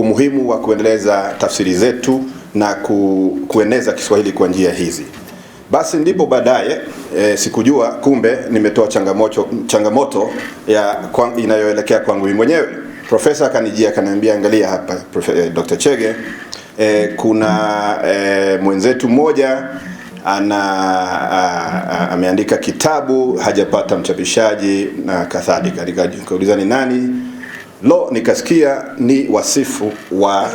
umuhimu wa kuendeleza tafsiri zetu na ku, kueneza Kiswahili kwa njia hizi. Basi ndipo baadaye e, sikujua kumbe nimetoa changamoto, changamoto ya kwa, inayoelekea kwangu mimi mwenyewe. Profesa akanijia akaniambia, angalia hapa profe, e, Dr. Chege e, kuna e, mwenzetu mmoja ana a, a, ameandika kitabu hajapata mchapishaji na kadhalika. Nikauliza ni nani? Lo, nikasikia ni wasifu wa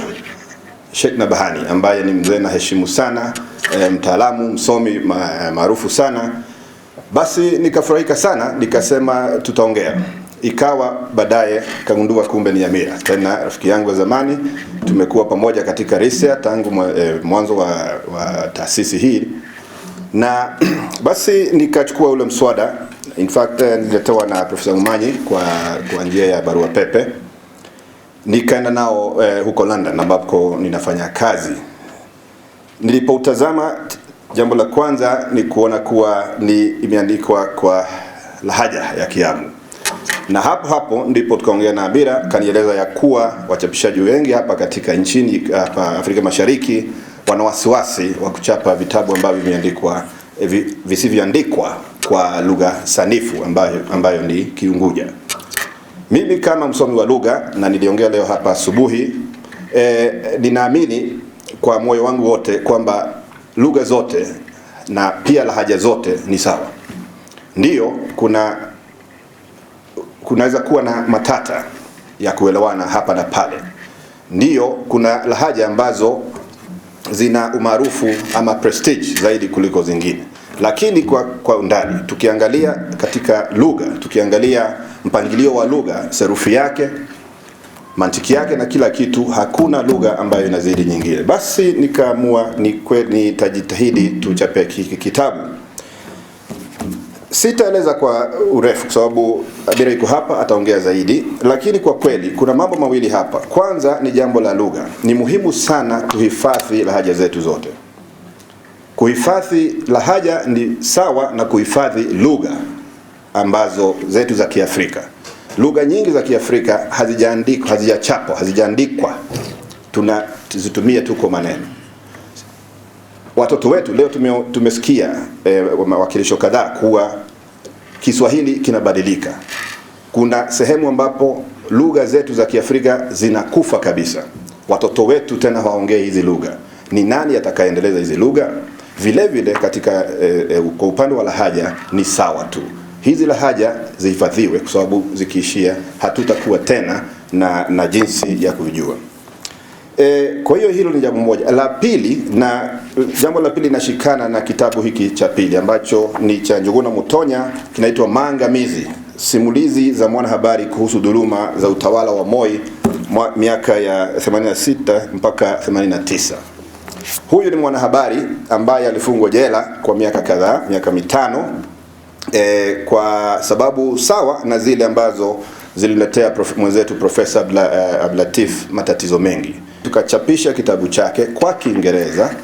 Sheikh Nabahani ambaye ni mzee na heshimu sana e, mtaalamu msomi maarufu sana. Basi nikafurahika sana, nikasema tutaongea. Ikawa baadaye kagundua kumbe ni Amira, tena rafiki yangu wa zamani. Tumekuwa pamoja katika Risia tangu eh, mwanzo wa, wa taasisi hii na basi nikachukua ule mswada In fact eh, nilitoa na Profesa Mumanyi kwa, kwa njia ya barua pepe nikaenda nao eh, huko London ambapo ninafanya kazi. Nilipoutazama, jambo la kwanza ni kuona kuwa ni imeandikwa kwa lahaja ya Kiamu, na hapo hapo ndipo tukaongea na Abira, kanieleza ya kuwa wachapishaji wengi hapa katika nchini hapa Afrika Mashariki wana wasiwasi wa kuchapa vitabu ambavyo vimeandikwa Eh, visivyoandikwa kwa lugha sanifu ambayo, ambayo ni Kiunguja. Mimi kama msomi wa lugha na niliongea leo hapa asubuhi e, ninaamini kwa moyo wangu wote kwamba lugha zote na pia lahaja zote ni sawa. Ndiyo, kuna kunaweza kuwa na matata ya kuelewana hapa na pale. Ndiyo, kuna lahaja ambazo zina umaarufu ama prestige zaidi kuliko zingine, lakini kwa kwa undani tukiangalia katika lugha, tukiangalia mpangilio wa lugha, sarufi yake, mantiki yake na kila kitu, hakuna lugha ambayo inazidi nyingine. Basi nikaamua nitajitahidi tuchape hiki kitabu Sitaeleza kwa urefu kwa sababu Abira yuko hapa ataongea zaidi, lakini kwa kweli kuna mambo mawili hapa. Kwanza ni jambo la lugha. Ni muhimu sana kuhifadhi lahaja zetu zote. Kuhifadhi lahaja ni sawa na kuhifadhi lugha ambazo zetu za Kiafrika. Lugha nyingi za Kiafrika hazijaandikwa, hazijachapwa, hazijaandikwa, tunazitumia tu kwa maneno. Watoto wetu leo tume, tumesikia e, eh, wakilisho kadhaa kuwa Kiswahili kinabadilika. Kuna sehemu ambapo lugha zetu za Kiafrika zinakufa kabisa, watoto wetu tena hawaongee hizi lugha. Ni nani atakayeendeleza hizi lugha? Vile vile katika e, e, kwa upande wa lahaja ni sawa tu, hizi lahaja zihifadhiwe, kwa sababu zikiishia hatutakuwa tena na, na jinsi ya kujua. E, kwa hiyo hilo ni jambo moja. La pili na jambo la pili linashikana na kitabu hiki cha pili ambacho ni cha Njuguna Mutonya kinaitwa Maangamizi, simulizi za mwanahabari kuhusu dhuluma za utawala wa Moi miaka ya 86 mpaka 89. Huyu ni mwanahabari ambaye alifungwa jela kwa miaka kadhaa, miaka mitano e, kwa sababu sawa na zile ambazo zililetea prof, mwenzetu Profesa Abdulatif eh, matatizo mengi tukachapisha kitabu chake kwa Kiingereza,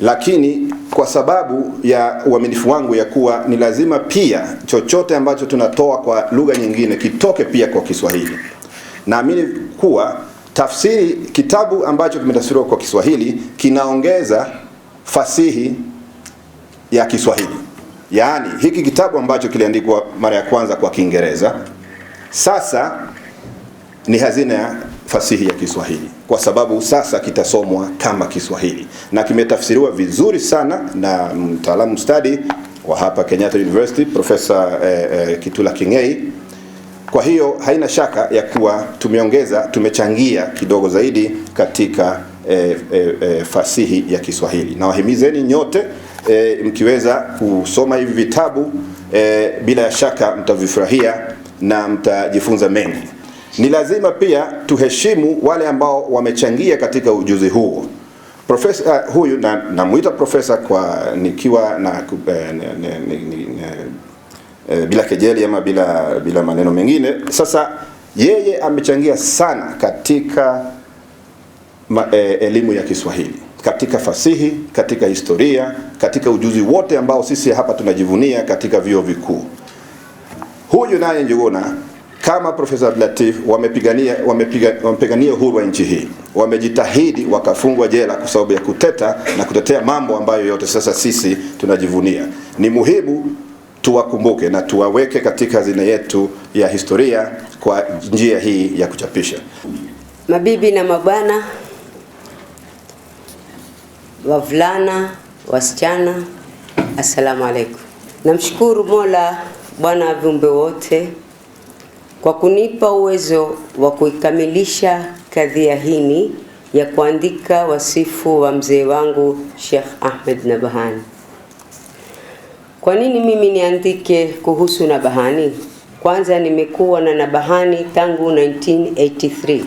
lakini kwa sababu ya uaminifu wangu ya kuwa ni lazima pia chochote ambacho tunatoa kwa lugha nyingine kitoke pia kwa Kiswahili, naamini kuwa tafsiri kitabu ambacho kimetafsiriwa kwa Kiswahili kinaongeza fasihi ya Kiswahili. Yaani hiki kitabu ambacho kiliandikwa mara ya kwanza kwa Kiingereza sasa ni hazina fasihi ya Kiswahili kwa sababu sasa kitasomwa kama Kiswahili na kimetafsiriwa vizuri sana na mtaalamu stadi wa hapa Kenyatta University Profesa eh, eh, Kitula King'ei. Kwa hiyo haina shaka ya kuwa tumeongeza, tumechangia kidogo zaidi katika eh, eh, eh, fasihi ya Kiswahili. Nawahimizeni nyote eh, mkiweza kusoma hivi vitabu eh, bila ya shaka mtavifurahia na mtajifunza mengi. Ni lazima pia tuheshimu wale ambao wamechangia katika ujuzi huo. Profesa uh, huyu na namuita profesa kwa nikiwa na eh, ni, ni, ni, eh, bila kejeli ama bila bila maneno mengine. Sasa yeye amechangia sana katika ma, eh, elimu ya Kiswahili, katika fasihi, katika historia, katika ujuzi wote ambao sisi hapa tunajivunia katika vyuo vikuu. Huyu naye Njuguna kama Profesa Abdulatif wamepigania wamepigania wamepigania uhuru wa nchi hii, wamejitahidi wakafungwa jela kwa sababu ya kuteta na kutetea mambo ambayo yote sasa sisi tunajivunia. Ni muhimu tuwakumbuke na tuwaweke katika hazina yetu ya historia kwa njia hii ya kuchapisha. Mabibi na mabwana, wavulana, wasichana, assalamu alaikum. Namshukuru Mola, Bwana wa viumbe wote kwa kunipa uwezo wa kuikamilisha kadhia hini ya kuandika wasifu wa mzee wangu Sheikh Ahmed Nabahani. Kwa nini mimi niandike kuhusu Nabahani? Kwanza nimekuwa na Nabahani tangu 1983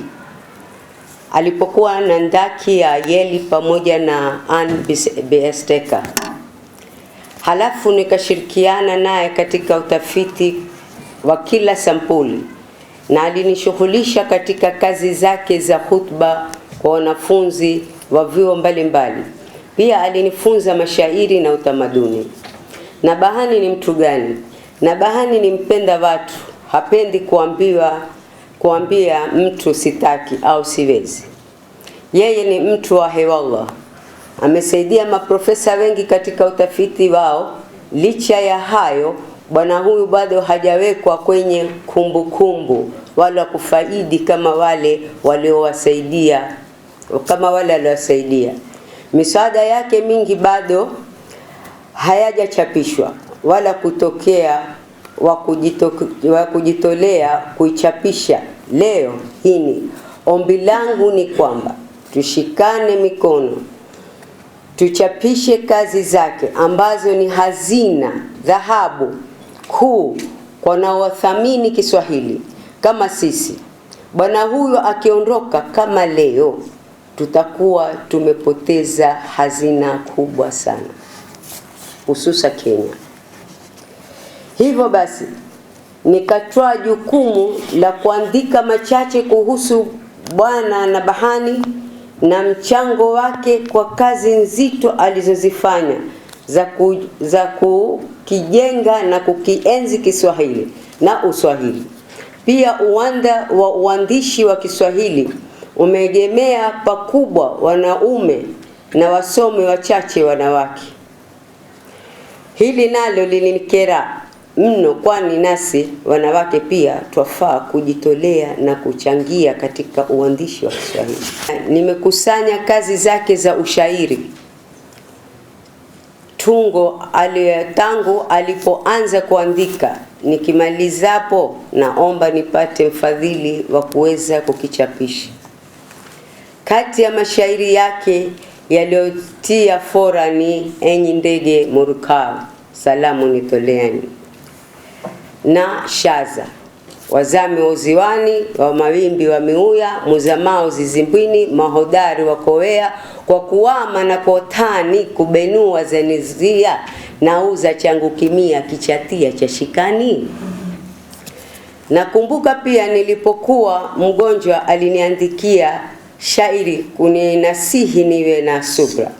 alipokuwa na ndaki ya Yeli pamoja na Ann Biesteka, halafu nikashirikiana naye katika utafiti wa kila sampuli na alinishughulisha katika kazi zake za hutba kwa wanafunzi wa vyuo mbalimbali. Pia alinifunza mashairi na utamaduni. Nabahani ni mtu gani? Nabahani ni mpenda watu, hapendi kuambiwa kuambia mtu sitaki au siwezi. Yeye ni mtu wa hewallah. Amesaidia maprofesa wengi katika utafiti wao. Licha ya hayo bwana huyu bado hajawekwa kwenye kumbukumbu kumbu, wala kufaidi kama wale waliowasaidia kama wale aliowasaidia. Misaada yake mingi bado hayajachapishwa wala kutokea wa kujitolea, kujitolea kuichapisha. Leo hii ombi langu ni kwamba tushikane mikono tuchapishe kazi zake ambazo ni hazina dhahabu kuu wanaothamini Kiswahili kama sisi. Bwana huyo akiondoka kama leo, tutakuwa tumepoteza hazina kubwa sana, hususa Kenya. Hivyo basi nikatwa jukumu la kuandika machache kuhusu Bwana Nabahani na mchango wake kwa kazi nzito alizozifanya za, ku, za ku, kukijenga na kukienzi Kiswahili na Uswahili. Pia uwanda wa uandishi wa Kiswahili umeegemea pakubwa wanaume na wasomi wachache wanawake. Hili nalo lilinikera mno, kwani nasi wanawake pia twafaa kujitolea na kuchangia katika uandishi wa Kiswahili. Nimekusanya kazi zake za ushairi Tungo ali, tangu alipoanza kuandika. Nikimalizapo naomba nipate mfadhili wa kuweza kukichapisha. Kati ya mashairi yake yaliyotia fora ni enyi ndege murukavu, salamu nitoleani na shaza wazami wa uziwani, wa mawimbi miuya muzamao zizimbwini, mahodari wakowea, kwa kuwama na kotani kubenua zenizia, nauza changu kimia, kichatia cha shikani. Nakumbuka pia nilipokuwa mgonjwa aliniandikia shairi kuninasihi niwe na subra.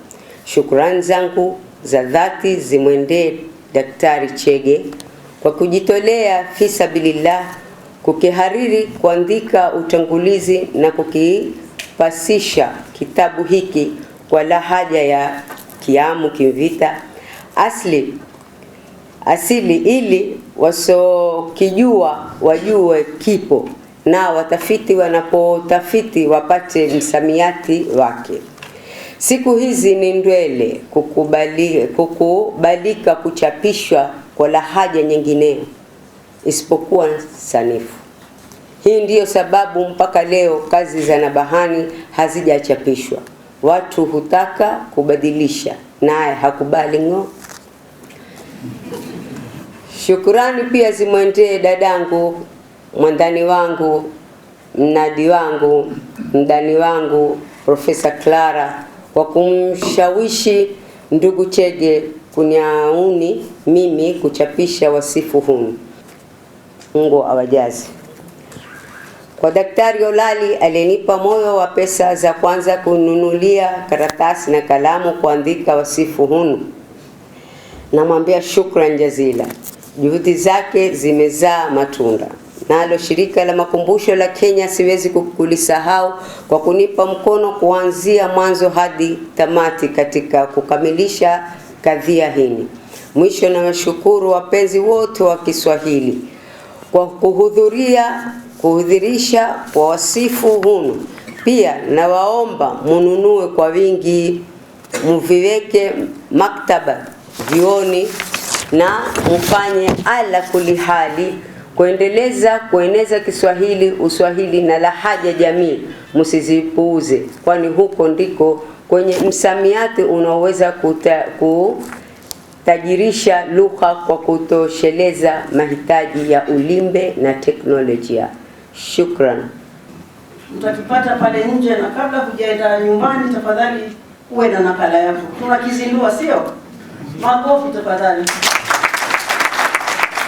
Shukrani zangu za dhati zimwendee Daktari Chege kwa kujitolea fisabilillah kukihariri, kuandika utangulizi na kukipasisha kitabu hiki kwa lahaja ya Kiamu Kimvita asili asili, ili wasokijua wajue kipo na watafiti wanapotafiti wapate msamiati wake. Siku hizi ni ndwele kukubali, kukubalika kuchapishwa kwa lahaja nyingineo isipokuwa sanifu. Hii ndiyo sababu mpaka leo kazi za Nabahani hazijachapishwa. Watu hutaka kubadilisha, naye hakubali ng'o. Shukurani pia zimwendee dadangu, mwandani wangu, mnadi wangu, mdani wangu Profesa Clara kwa kumshawishi ndugu Chege kuniauni mimi kuchapisha wasifu huni Mungu awajazi. Kwa Daktari Olali alinipa moyo wa pesa za kwanza kununulia karatasi na kalamu kuandika wasifu hunu, namwambia shukran jazila, juhudi zake zimezaa matunda. Nalo shirika la makumbusho la Kenya siwezi kulisahau kwa kunipa mkono kuanzia mwanzo hadi tamati katika kukamilisha kadhia hini Mwisho nawashukuru wapenzi wote wa Kiswahili kwa kuhudhuria kuhudhirisha kwa wasifu hunu. Pia nawaomba mununue kwa wingi, muviweke maktaba vioni na mfanye ala kuli hali kuendeleza kueneza Kiswahili, Uswahili na lahaja jamii, msizipuuze, kwani huko ndiko kwenye msamiati unaoweza ku tajirisha lugha kwa kutosheleza mahitaji ya ulimbe na teknolojia. Shukran. Mtatupata pale nje, na kabla hujaenda nyumbani, tafadhali uwe na nakala yako. Tunakizindua, sio? Makofi tafadhali.